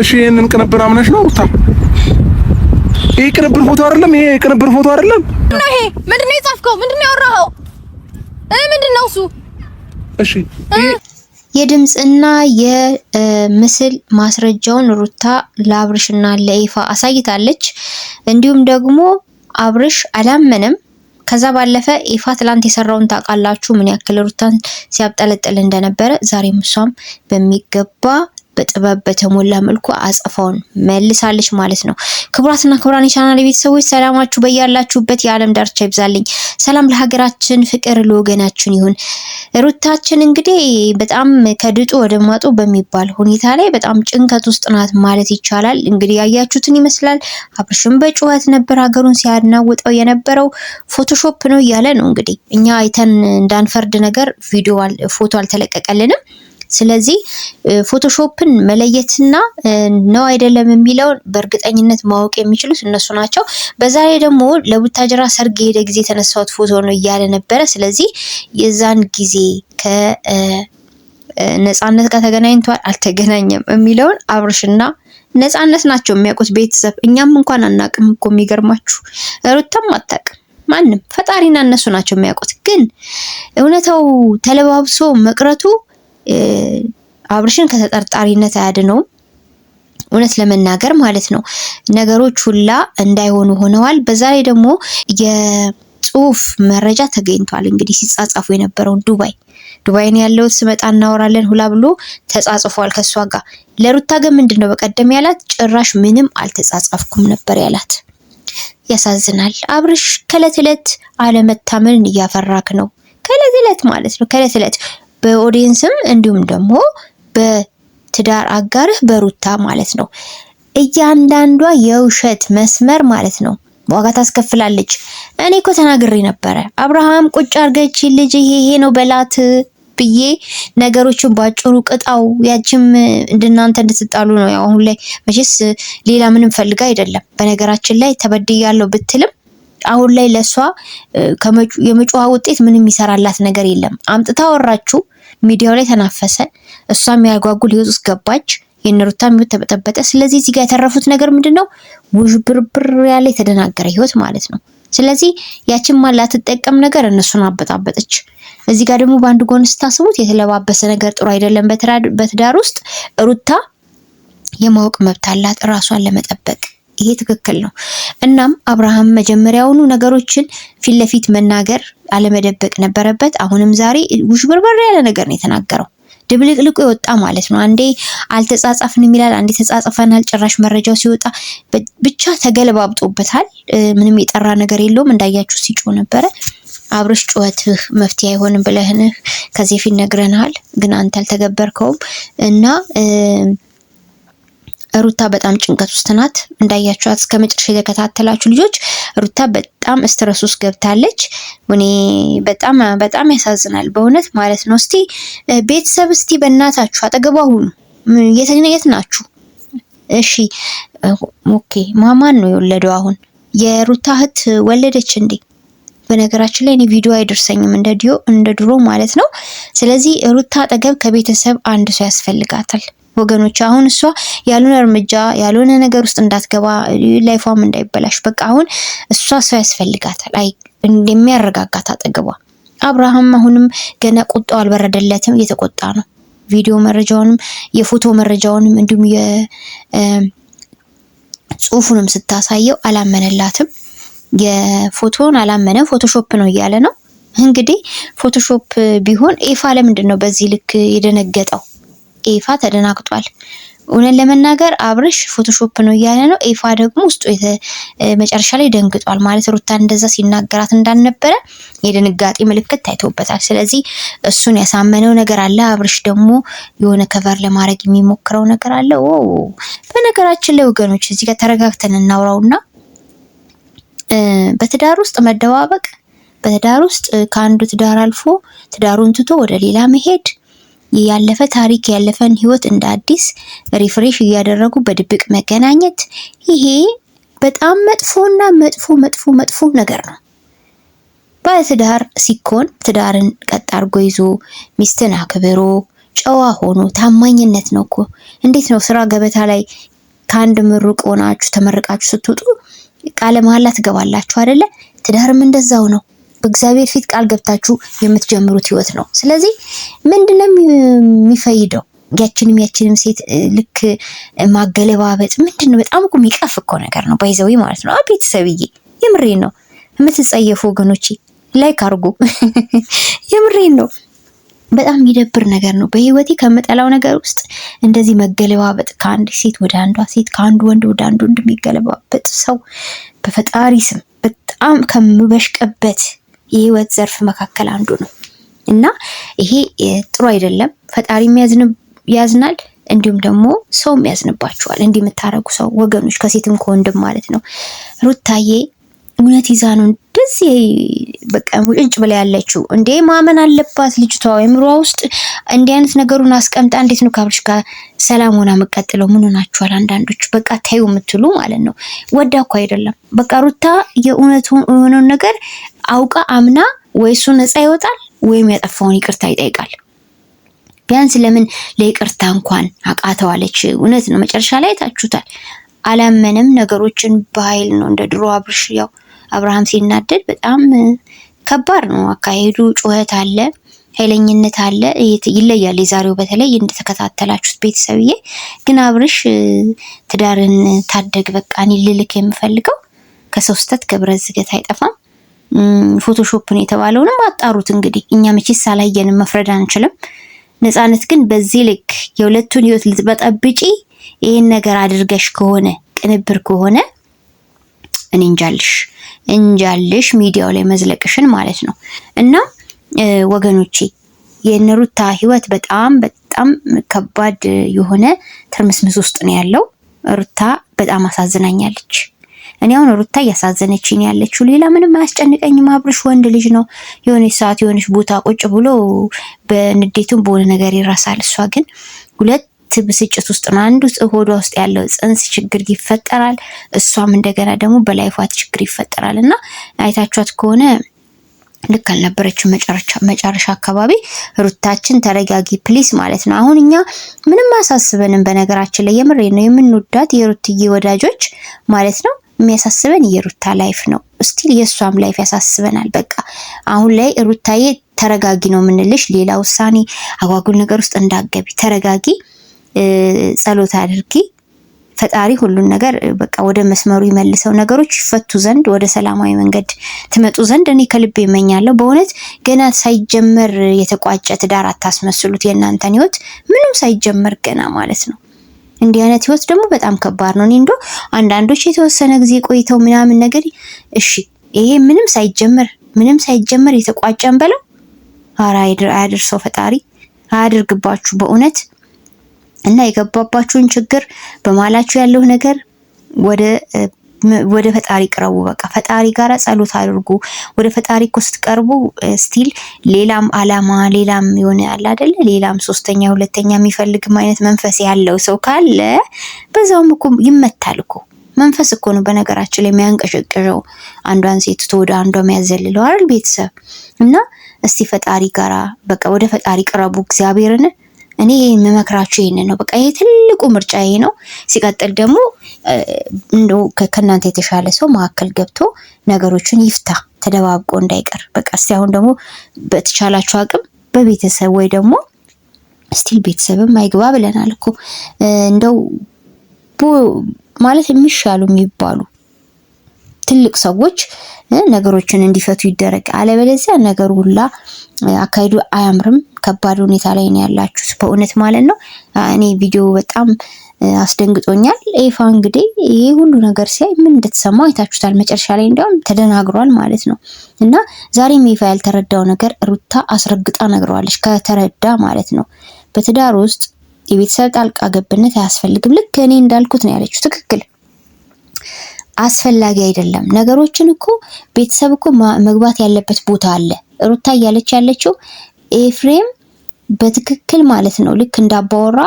እሺ ይሄንን ቅንብር አምነሽ ነው ሩታ? ይሄ ቅንብር ፎቶ አይደለም። ይሄ ቅንብር ፎቶ አይደለም። ይሄ ምንድነው የጻፍከው? ምንድነው ያወራኸው? እ ምንድነው እሱ? እሺ የድምፅና የምስል ማስረጃውን ሩታ ለአብርሽና ለኢፋ አሳይታለች። እንዲሁም ደግሞ አብርሽ አላመነም። ከዛ ባለፈ ኢፋ ትላንት የሰራውን ታውቃላችሁ፣ ምን ያክል ሩታን ሲያብጠለጥል እንደነበረ። ዛሬም እሷም በሚገባ በጥበብ በተሞላ መልኩ አጸፋውን መልሳለች ማለት ነው። ክቡራትና ክቡራን የቻናል ቤተሰቦች ሰላማችሁ በያላችሁበት የዓለም ዳርቻ ይብዛልኝ። ሰላም ለሀገራችን፣ ፍቅር ለወገናችን ይሁን። ሩታችን እንግዲህ በጣም ከድጡ ወደ ማጡ በሚባል ሁኔታ ላይ በጣም ጭንቀት ውስጥ ናት ማለት ይቻላል። እንግዲህ ያያችሁትን ይመስላል። አብርሽም በጩኸት ነበር ሀገሩን ሲያናውጠው የነበረው ፎቶሾፕ ነው እያለ ነው እንግዲህ እኛ አይተን እንዳንፈርድ ነገር ቪዲዮ ፎቶ አልተለቀቀልንም። ስለዚህ ፎቶሾፕን መለየትና ነው አይደለም የሚለውን በእርግጠኝነት ማወቅ የሚችሉት እነሱ ናቸው። በዛ ላይ ደግሞ ለቡታጅራ ሰርግ የሄደ ጊዜ የተነሳሁት ፎቶ ነው እያለ ነበረ። ስለዚህ የዛን ጊዜ ከነፃነት ጋር ተገናኝቷል አልተገናኘም የሚለውን አብርሽና ነጻነት ናቸው የሚያውቁት። ቤተሰብ እኛም እንኳን አናቅም እኮ የሚገርማችሁ፣ ሩታም አታቅም ማንም ፈጣሪና እነሱ ናቸው የሚያውቁት። ግን እውነታው ተለባብሶ መቅረቱ አብርሽን ከተጠርጣሪነት አያድነውም። እውነት ለመናገር ማለት ነው ነገሮች ሁላ እንዳይሆኑ ሆነዋል። በዛ ላይ ደግሞ የጽሁፍ መረጃ ተገኝቷል። እንግዲህ ሲጻጻፉ የነበረውን ዱባይ ዱባይን ያለውት ስመጣ እናወራለን ሁላ ብሎ ተጻጽፏል ከእሷ ጋር። ለሩታ ግን ምንድን ነው በቀደም ያላት ጭራሽ ምንም አልተጻጻፍኩም ነበር ያላት። ያሳዝናል። አብርሽ ከእለት እለት አለመታመንን እያፈራክ ነው። ከእለት እለት ማለት ነው ከእለት እለት በኦዲየንስም እንዲሁም ደግሞ በትዳር አጋርህ በሩታ ማለት ነው። እያንዳንዷ የውሸት መስመር ማለት ነው ዋጋ ታስከፍላለች። እኔ እኮ ተናግሬ ነበረ አብርሃም ቁጭ አርገች ልጅ ይሄ ይሄ ነው በላት ብዬ ነገሮችን ባጭሩ ቅጣው። ያችም እንድናንተ እንድትጣሉ ነው። አሁን ላይ መቼስ ሌላ ምንም ፈልጋ አይደለም። በነገራችን ላይ ተበድያለሁ ብትልም አሁን ላይ ለእሷ የመጮዋ ውጤት ምንም ይሰራላት ነገር የለም። አምጥታ ወራችሁ ሚዲያው ላይ ተናፈሰ፣ እሷ የሚያጓጉል ህይወት ውስጥ ገባች። የነሩታ ህይወት ተበጠበጠ። ስለዚህ እዚህ ጋር የተረፉት ነገር ምንድን ነው? ውዥብርብር ያለ የተደናገረ ህይወት ማለት ነው። ስለዚህ ያችን ማላትጠቀም ነገር እነሱን አበጣበጠች። እዚህ ጋር ደግሞ በአንድ ጎን ስታስቡት የተለባበሰ ነገር ጥሩ አይደለም። በትዳር ውስጥ ሩታ የማወቅ መብት አላት ራሷን ለመጠበቅ ይሄ ትክክል ነው። እናም አብርሃም መጀመሪያውኑ ነገሮችን ፊት ለፊት መናገር አለመደበቅ ነበረበት። አሁንም ዛሬ ውሽብርብር ያለ ነገር ነው የተናገረው። ድብልቅልቁ የወጣ ማለት ነው። አንዴ አልተጻጻፍንም ይላል፣ አንዴ ተጻጽፈናል። ጭራሽ መረጃው ሲወጣ ብቻ ተገለባብጦበታል። ምንም የጠራ ነገር የለውም። እንዳያችሁ ሲጮ ነበረ። አብርሽ ጩኸትህ መፍትሄ አይሆንም ብለህንህ ከዚህ ፊት ነግረንሃል፣ ግን አንተ አልተገበርከውም እና ሩታ በጣም ጭንቀት ውስጥ ናት። እንዳያችኋት እስከ መጨረሻ የተከታተላችሁ ልጆች ሩታ በጣም ስትረስ ውስጥ ገብታለች። እኔ በጣም በጣም ያሳዝናል በእውነት ማለት ነው። እስቲ ቤተሰብ እስቲ በእናታችሁ አጠገቧ ሁኑ። የት ናችሁ? እሺ ኦኬ። ማማን ነው የወለደው? አሁን የሩታ እህት ወለደች እንዴ? በነገራችን ላይ እኔ ቪዲዮ አይደርሰኝም እንደ ድሮ ማለት ነው። ስለዚህ ሩታ አጠገብ ከቤተሰብ አንድ ሰው ያስፈልጋታል። ወገኖች አሁን እሷ ያልሆነ እርምጃ ያልሆነ ነገር ውስጥ እንዳትገባ ላይፏም እንዳይበላሽ በቃ አሁን እሷ ሰው ያስፈልጋታል። አይ እንደሚያረጋጋት አጠገቧ አብርሃም አሁንም ገና ቁጣው አልበረደለትም፣ እየተቆጣ ነው። ቪዲዮ መረጃውንም የፎቶ መረጃውንም እንዲሁም የጽሁፉንም ስታሳየው አላመነላትም። የፎቶን አላመነ ፎቶሾፕ ነው እያለ ነው። እንግዲህ ፎቶሾፕ ቢሆን ኤፋ ለምንድን ነው በዚህ ልክ የደነገጠው? ኤፋ ተደናግጧል። እውነት ለመናገር አብርሽ ፎቶሾፕ ነው እያለ ነው። ኤፋ ደግሞ ውስጡ መጨረሻ ላይ ደንግጧል። ማለት ሩታ እንደዛ ሲናገራት እንዳልነበረ የድንጋጤ ምልክት ታይቶበታል። ስለዚህ እሱን ያሳመነው ነገር አለ። አብርሽ ደግሞ የሆነ ከቨር ለማድረግ የሚሞክረው ነገር አለ። በነገራችን ላይ ወገኖች እዚህ ጋር ተረጋግተን እናውራውና በትዳር ውስጥ መደባበቅ፣ በትዳር ውስጥ ከአንዱ ትዳር አልፎ ትዳሩን ትቶ ወደ ሌላ መሄድ ያለፈ ታሪክ ያለፈን ህይወት እንደ አዲስ ሪፍሬሽ እያደረጉ በድብቅ መገናኘት ይሄ በጣም መጥፎና መጥፎ መጥፎ መጥፎ ነገር ነው። ባለትዳር ሲኮን ትዳርን ቀጥ አድርጎ ይዞ ሚስትን አክብሮ ጨዋ ሆኖ ታማኝነት ነው እኮ። እንዴት ነው ስራ ገበታ ላይ ከአንድ ምሩቅ ሆናችሁ ተመርቃችሁ ስትወጡ ቃለ መሐላ ትገባላችሁ አይደለ? ትዳርም እንደዛው ነው። በእግዚአብሔር ፊት ቃል ገብታችሁ የምትጀምሩት ህይወት ነው። ስለዚህ ምንድነው የሚፈይደው? ያችንም ያችንም ሴት ልክ ማገለባበጥ ምንድን ነው? በጣም እኮ የሚቀፍ እኮ ነገር ነው። ባይዘዊ ማለት ነው። ቤተሰብዬ፣ የምሬን ነው። የምትጸየፉ ወገኖቼ ላይክ አድርጉ። የምሬን ነው። በጣም የሚደብር ነገር ነው። በህይወቴ ከምጠላው ነገር ውስጥ እንደዚህ መገለባበጥ፣ ከአንድ ሴት ወደ አንዷ ሴት፣ ከአንዱ ወንድ ወደ አንዱ ወንድ የሚገለባበጥ ሰው በፈጣሪ ስም በጣም ከምበሽቀበት የህይወት ዘርፍ መካከል አንዱ ነው እና ይሄ ጥሩ አይደለም። ፈጣሪ ያዝናል፣ እንዲሁም ደግሞ ሰውም ያዝንባችኋል። እንዲህ የምታረጉ ሰው ወገኖች፣ ከሴትም ከወንድም ማለት ነው። ሩታዬ እውነት ይዛ ነው እንደዚህ በቃ ሙጭጭ ብላ ያለችው እንዴ? ማመን አለባት ልጅቷ። ወይምሯ ውስጥ እንዲህ አይነት ነገሩን አስቀምጣ እንዴት ነው ካብርሽ ጋር ሰላም ሆና መቀጥለው? ምን ሆናችኋል? አንዳንዶች በቃ ታዩ የምትሉ ማለት ነው። ወዳኩ አይደለም። በቃ ሩታ የሆነውን ነገር አውቃ አምና ወይ እሱ ነፃ ይወጣል ወይም ያጠፋውን ይቅርታ ይጠይቃል። ቢያንስ ለምን ለይቅርታ እንኳን አቃተዋለች? እውነት ነው። መጨረሻ ላይ ታችሁታል አላመነም። ነገሮችን በኃይል ነው እንደ ድሮ አብርሽ ያው አብርሃም ሲናደድ በጣም ከባድ ነው አካሄዱ። ጩኸት አለ፣ ኃይለኝነት አለ፣ ይለያል። የዛሬው በተለይ እንደተከታተላችሁት ቤተሰብዬ። ግን አብርሽ ትዳርን ታደግ በቃ እኔ ልልክ የምፈልገው ከሰው ስህተት ከብረት ዝገት አይጠፋም። ፎቶሾፕ የተባለውንም አጣሩት። እንግዲህ እኛ መቼስ ሳላየንም መፍረድ አንችልም። ነፃነት ግን በዚህ ልክ የሁለቱን ህይወት ልትበጠብጪ ይህን ነገር አድርገሽ ከሆነ ቅንብር ከሆነ እኔ እንጃልሽ እንጃልሽ ሚዲያው ላይ መዝለቅሽን ማለት ነው። እና ወገኖቼ የነሩታ ህይወት በጣም በጣም ከባድ የሆነ ትርምስምስ ውስጥ ነው ያለው። ሩታ በጣም አሳዝናኛለች። እኔ አሁን ሩታ እያሳዘነችኝ ያለችው ሌላ ምንም አያስጨንቀኝም። አብርሽ ወንድ ልጅ ነው። የሆነች ሰዓት የሆነች ቦታ ቁጭ ብሎ በንዴቱም በሆነ ነገር ይረሳል። እሷ ግን ሁለት ብስጭት ውስጥ ነው። አንዱ ሆዷ ውስጥ ያለው ጽንስ ችግር ይፈጠራል። እሷም እንደገና ደግሞ በላይፏት ችግር ይፈጠራል እና አይታችኋት ከሆነ ልክ አልነበረችው። መጨረሻ አካባቢ ሩታችን ተረጋጊ ፕሊስ ማለት ነው። አሁን እኛ ምንም አሳስበንም። በነገራችን ላይ የምሬ ነው የምንወዳት የሩትዬ ወዳጆች ማለት ነው። የሚያሳስበን የሩታ ላይፍ ነው። ስቲል የእሷም ላይፍ ያሳስበናል። በቃ አሁን ላይ ሩታዬ ተረጋጊ ነው የምንልሽ። ሌላ ውሳኔ አጓጉል ነገር ውስጥ እንዳገቢ ተረጋጊ፣ ጸሎት አድርጊ። ፈጣሪ ሁሉን ነገር በቃ ወደ መስመሩ ይመልሰው፣ ነገሮች ይፈቱ ዘንድ ወደ ሰላማዊ መንገድ ትመጡ ዘንድ እኔ ከልብ ይመኛለሁ። በእውነት ገና ሳይጀመር የተቋጨ ትዳር አታስመስሉት። የእናንተን ህይወት ምንም ሳይጀመር ገና ማለት ነው እንዲህ አይነት ህይወት ደግሞ በጣም ከባድ ነው። እኔ እንዶ አንዳንዶች የተወሰነ ጊዜ ቆይተው ምናምን ነገር እሺ፣ ይሄ ምንም ሳይጀመር ምንም ሳይጀመር የተቋጨን በለው። ኧረ አያድርሰው ፈጣሪ አያድርግባችሁ በእውነት እና የገባባችሁን ችግር በማላችሁ ያለው ነገር ወደ ወደ ፈጣሪ ቅረቡ። በቃ ፈጣሪ ጋር ጸሎት አድርጉ። ወደ ፈጣሪ እኮ ስትቀርቡ ስቲል ሌላም አላማ ሌላም የሆነ ያለ አይደለ ሌላም ሶስተኛ ሁለተኛ የሚፈልግም አይነት መንፈስ ያለው ሰው ካለ በዛውም እኮ ይመታል እኮ መንፈስ እኮ ነው በነገራችን ላይ የሚያንቀሸቅሸው አንዷን ሴት ወደ አንዷ የሚያዘልለው አይደል ቤተሰብ እና እስቲ ፈጣሪ ጋራ በቃ ወደ ፈጣሪ ቅረቡ እግዚአብሔርን እኔ የምመክራችሁ ይህንን ነው። በቃ ይሄ ትልቁ ምርጫ ይሄ ነው። ሲቀጥል ደግሞ እንደ ከእናንተ የተሻለ ሰው መካከል ገብቶ ነገሮችን ይፍታ፣ ተደባብቆ እንዳይቀር። በቃ እስቲ አሁን ደግሞ በተቻላችሁ አቅም በቤተሰብ ወይ ደግሞ ስቲል ቤተሰብም አይግባ ብለናል እኮ እንደው ማለት የሚሻሉ የሚባሉ ትልቅ ሰዎች ነገሮችን እንዲፈቱ ይደረግ። አለበለዚያ ነገሩ ሁላ አካሄዱ አያምርም። ከባድ ሁኔታ ላይ ነው ያላችሁት በእውነት ማለት ነው። እኔ ቪዲዮ በጣም አስደንግጦኛል። ኤፋ እንግዲህ ይሄ ሁሉ ነገር ሲያይ ምን እንደተሰማው አይታችሁታል። መጨረሻ ላይ እንዲያውም ተደናግሯል ማለት ነው። እና ዛሬም ኤፋ ያልተረዳው ነገር ሩታ አስረግጣ ነግረዋለች፣ ከተረዳ ማለት ነው። በትዳር ውስጥ የቤተሰብ ጣልቃ ገብነት አያስፈልግም። ልክ እኔ እንዳልኩት ነው ያለችው። ትክክል አስፈላጊ አይደለም። ነገሮችን እኮ ቤተሰብ እኮ መግባት ያለበት ቦታ አለ። ሩታ እያለች ያለችው ኤፍሬም በትክክል ማለት ነው ልክ እንዳባወራ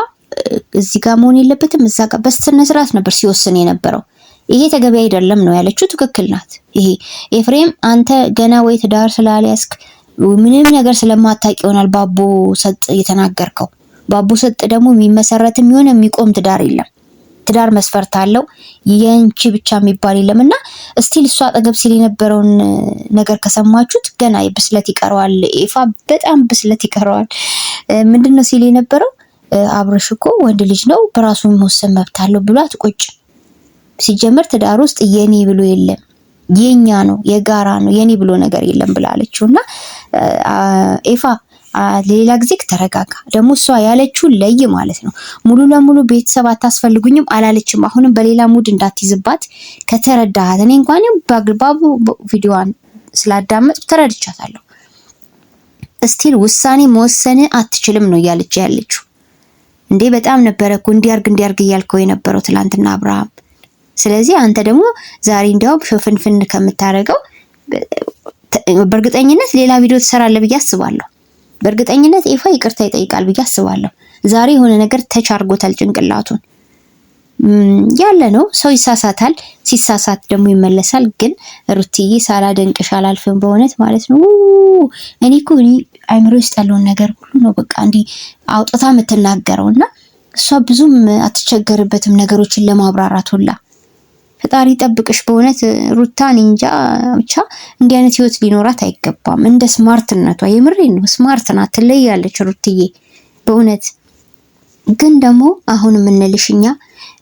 እዚህ ጋር መሆን የለበትም እዛ ጋር በስነ ስርዓት ነበር ሲወስን የነበረው። ይሄ ተገቢ አይደለም ነው ያለችው። ትክክል ናት። ይሄ ኤፍሬም አንተ ገና ወይ ትዳር ስላልያዝክ ምንም ነገር ስለማታውቅ ይሆናል ባቦ ሰጥ እየተናገርከው ባቦ ሰጥ ደግሞ የሚመሰረትም የሆነ የሚቆም ትዳር የለም። ትዳር መስፈርት አለው የንቺ ብቻ የሚባል የለም እና እስቲል እሷ አጠገብ ሲል የነበረውን ነገር ከሰማችሁት ገና ብስለት ይቀረዋል። ኤፋ በጣም ብስለት ይቀረዋል። ምንድን ነው ሲል የነበረው አብርሽ እኮ ወንድ ልጅ ነው በራሱ መወሰን መብት አለው ብሎ አትቆጭ። ሲጀመር ትዳር ውስጥ የኔ ብሎ የለም የኛ ነው የጋራ ነው የኔ ብሎ ነገር የለም ብላለችው እና ኤፋ ሌላ ጊዜ ተረጋጋ። ደግሞ እሷ ያለችው ለይ ማለት ነው። ሙሉ ለሙሉ ቤተሰብ አታስፈልጉኝም አላለችም። አሁንም በሌላ ሙድ እንዳትይዝባት ከተረዳሃት። እኔ እንኳን በአግባቡ ቪዲዮዋን ስላዳመጥ ተረድቻታለሁ። እስቲል ውሳኔ መወሰን አትችልም ነው እያለች ያለችው። እንዴ በጣም ነበረ እኮ እንዲያርግ እንዲያርግ እያልከው የነበረው ትላንትና አብርሃም። ስለዚህ አንተ ደግሞ ዛሬ እንዲያውም ፍንፍን ከምታደርገው በእርግጠኝነት ሌላ ቪዲዮ ትሰራለህ ብዬ አስባለሁ። በእርግጠኝነት ኤፋ ይቅርታ ይጠይቃል ብዬ አስባለሁ። ዛሬ የሆነ ነገር ተቻርጎታል ጭንቅላቱን ያለ ነው። ሰው ይሳሳታል፣ ሲሳሳት ደግሞ ይመለሳል። ግን ሩትዬ ሳላደንቅሽ አላልፍም በእውነት ማለት ነው። እኔ እኮ እኔ አይምሮ ውስጥ ያለውን ነገር ሁሉ ነው በቃ እንዲህ አውጥታ የምትናገረው እና እሷ ብዙም አትቸገርበትም ነገሮችን ለማብራራት ሁላ ፈጣሪ ጠብቅሽ። በእውነት ሩታ እንጃ ብቻ እንዲህ አይነት ህይወት ሊኖራት አይገባም። እንደ ስማርትነቷ የምሬ ነው፣ ስማርት ናት፣ ትለያለች ሩትዬ በእውነት ግን ደግሞ አሁን የምንልሽ እኛ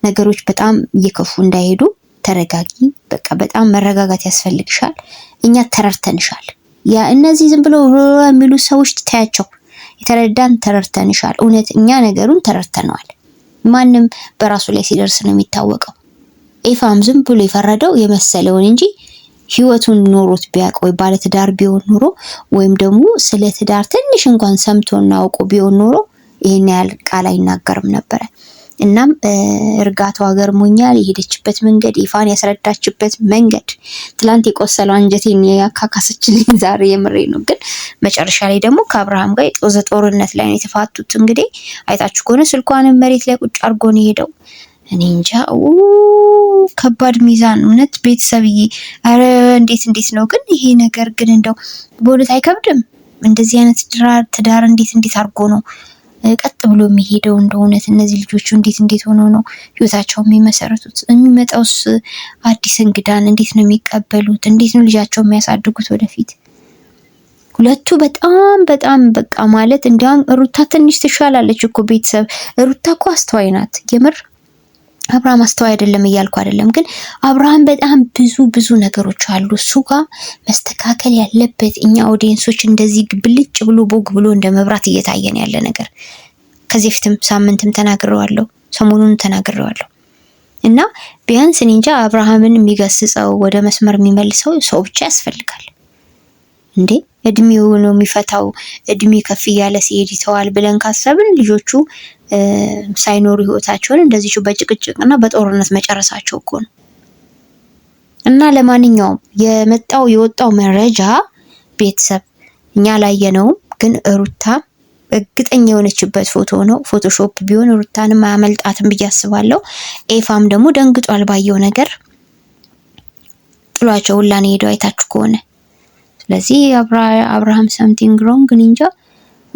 ነገሮች በጣም እየከፉ እንዳይሄዱ ተረጋጊ። በቃ በጣም መረጋጋት ያስፈልግሻል። እኛ ተረርተንሻል ያ እነዚህ ዝም ብሎ የሚሉ ሰዎች ታያቸው። የተረዳን ተረርተንሻል። እውነት እኛ ነገሩን ተረርተነዋል። ማንም በራሱ ላይ ሲደርስ ነው የሚታወቀው። ኤፋም ዝም ብሎ የፈረደው የመሰለውን እንጂ ህይወቱን ኖሮት ቢያውቅ ወይ ባለትዳር ቢሆን ኖሮ ወይም ደግሞ ስለ ትዳር ትንሽ እንኳን ሰምቶና አውቆ ቢሆን ኖሮ ይህን ያህል ቃል አይናገርም ነበረ። እናም እርጋታዋ ገርሞኛል። የሄደችበት መንገድ፣ ኢፋን ያስረዳችበት መንገድ፣ ትላንት የቆሰለው አንጀቴን ያካካሰችልኝ ዛሬ የምሬ ነው። ግን መጨረሻ ላይ ደግሞ ከአብርሃም ጋር የጦዘ ጦርነት ላይ ነው የተፋቱት። እንግዲህ አይታችሁ ከሆነ ስልኳንም መሬት ላይ ቁጭ አድርጎ ነው የሄደው። እኔ እንጃ ከባድ ሚዛን እውነት ቤተሰብዬ፣ አረ እንዴት እንዴት ነው ግን ይሄ ነገር ግን እንደው በእውነት አይከብድም? እንደዚህ አይነት ትዳር እንዴት እንዴት አድርጎ ነው ቀጥ ብሎ የሚሄደው? እንደ እውነት እነዚህ ልጆቹ እንዴት እንዴት ሆነው ነው ህይወታቸው የሚመሰረቱት? የሚመጣውስ አዲስ እንግዳን እንዴት ነው የሚቀበሉት? እንዴት ነው ልጃቸው የሚያሳድጉት ወደፊት? ሁለቱ በጣም በጣም በቃ ማለት እንዲያውም ሩታ ትንሽ ትሻላለች እኮ ቤተሰብ። ሩታ እኮ አስተዋይ ናት የምር አብርሃም አስተዋይ አይደለም እያልኩ አይደለም፣ ግን አብርሃም በጣም ብዙ ብዙ ነገሮች አሉ እሱ ጋር መስተካከል ያለበት። እኛ ኦዲየንሶች እንደዚህ ብልጭ ብሎ ቦግ ብሎ እንደ መብራት እየታየን ያለ ነገር ከዚህ ፊትም ሳምንትም ተናግሬዋለሁ፣ ሰሞኑንም ተናግሬዋለሁ። እና ቢያንስ እኔ እንጃ አብርሃምን የሚገስጸው ወደ መስመር የሚመልሰው ሰው ብቻ ያስፈልጋል እንዴ። እድሜው ነው የሚፈታው። እድሜ ከፍ እያለ ሲሄድ ይተዋል ብለን ካሰብን ልጆቹ ሳይኖሩ ህይወታቸውን እንደዚህ እና በጦርነት መጨረሳቸው እኮ ነው። እና ለማንኛውም የመጣው የወጣው መረጃ ቤተሰብ እኛ አላየነውም፣ ግን ሩታ እርግጠኛ የሆነችበት ፎቶ ነው። ፎቶሾፕ ቢሆን ሩታንም አያመልጣትም ብዬ አስባለሁ። ኤፋም ደግሞ ደንግጧል ባየው ነገር ጥሏቸው ሁላን ሄደው አይታችሁ ከሆነ ስለዚህ አብርሃም ሰምቲንግ ሮንግ እንጃ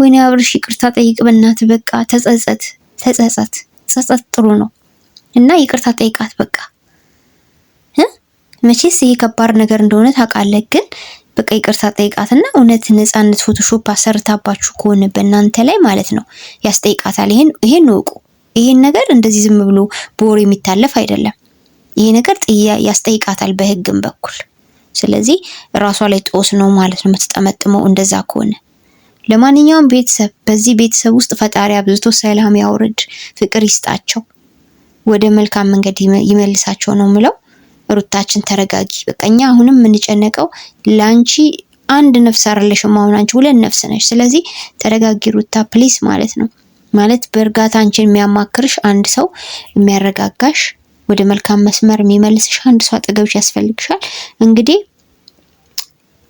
ወይኔ አብርሽ ይቅርታ ጠይቅ በእናት በቃ ተጸጸት፣ ተጸጸት፣ ጸጸት ጥሩ ነው እና ይቅርታ ጠይቃት በቃ መቼስ ይሄ ከባድ ነገር እንደሆነ ታውቃለህ፣ ግን በቃ ይቅርታ ጠይቃትና እውነት ነፃነት ፎቶሾፕ አሰርታባችሁ ከሆነ በእናንተ ላይ ማለት ነው ያስጠይቃታል። ይሄን ይሄን እወቁ። ይሄን ነገር እንደዚህ ዝም ብሎ በወር የሚታለፍ አይደለም። ይሄ ነገር ጥያ ያስጠይቃታል በህግም በኩል። ስለዚህ ራሷ ላይ ጦስ ነው ማለት ነው የምትጠመጥመው እንደዛ ከሆነ ለማንኛውም ቤተሰብ በዚህ ቤተሰብ ውስጥ ፈጣሪ አብዝቶ ሰላም ያውርድ፣ ፍቅር ይስጣቸው፣ ወደ መልካም መንገድ ይመልሳቸው ነው ምለው። ሩታችን ተረጋጊ። በቃ እኛ አሁንም የምንጨነቀው ለአንቺ አንድ ነፍስ አይደለሽም፣ አሁን አንቺ ሁለት ነፍስ ነሽ። ስለዚህ ተረጋጊ ሩታ ፕሊስ ማለት ነው። ማለት በእርጋታ አንቺን የሚያማክርሽ አንድ ሰው የሚያረጋጋሽ፣ ወደ መልካም መስመር የሚመልስሽ አንድ ሰው አጠገብሽ ያስፈልግሻል እንግዲህ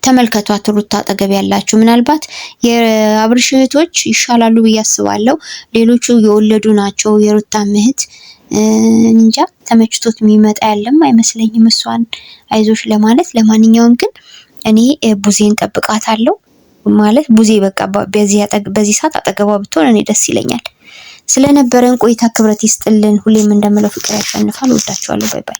ተመልከቷት ሩታ አጠገብ ያላችሁ ምናልባት የአብርሽ እህቶች ይሻላሉ ብዬ አስባለሁ። ሌሎቹ የወለዱ ናቸው። የሩታ እህት እንጃ ተመችቶት የሚመጣ ያለም አይመስለኝም እሷን አይዞሽ ለማለት። ለማንኛውም ግን እኔ ቡዜን ጠብቃታለሁ ማለት ቡዜ በቃ በዚህ ሰዓት አጠገቧ ብትሆን እኔ ደስ ይለኛል። ስለነበረን ቆይታ ክብረት ይስጥልን። ሁሌም እንደምለው ፍቅር ያሸንፋል። ወዳችኋለሁ። ባይ ባይ።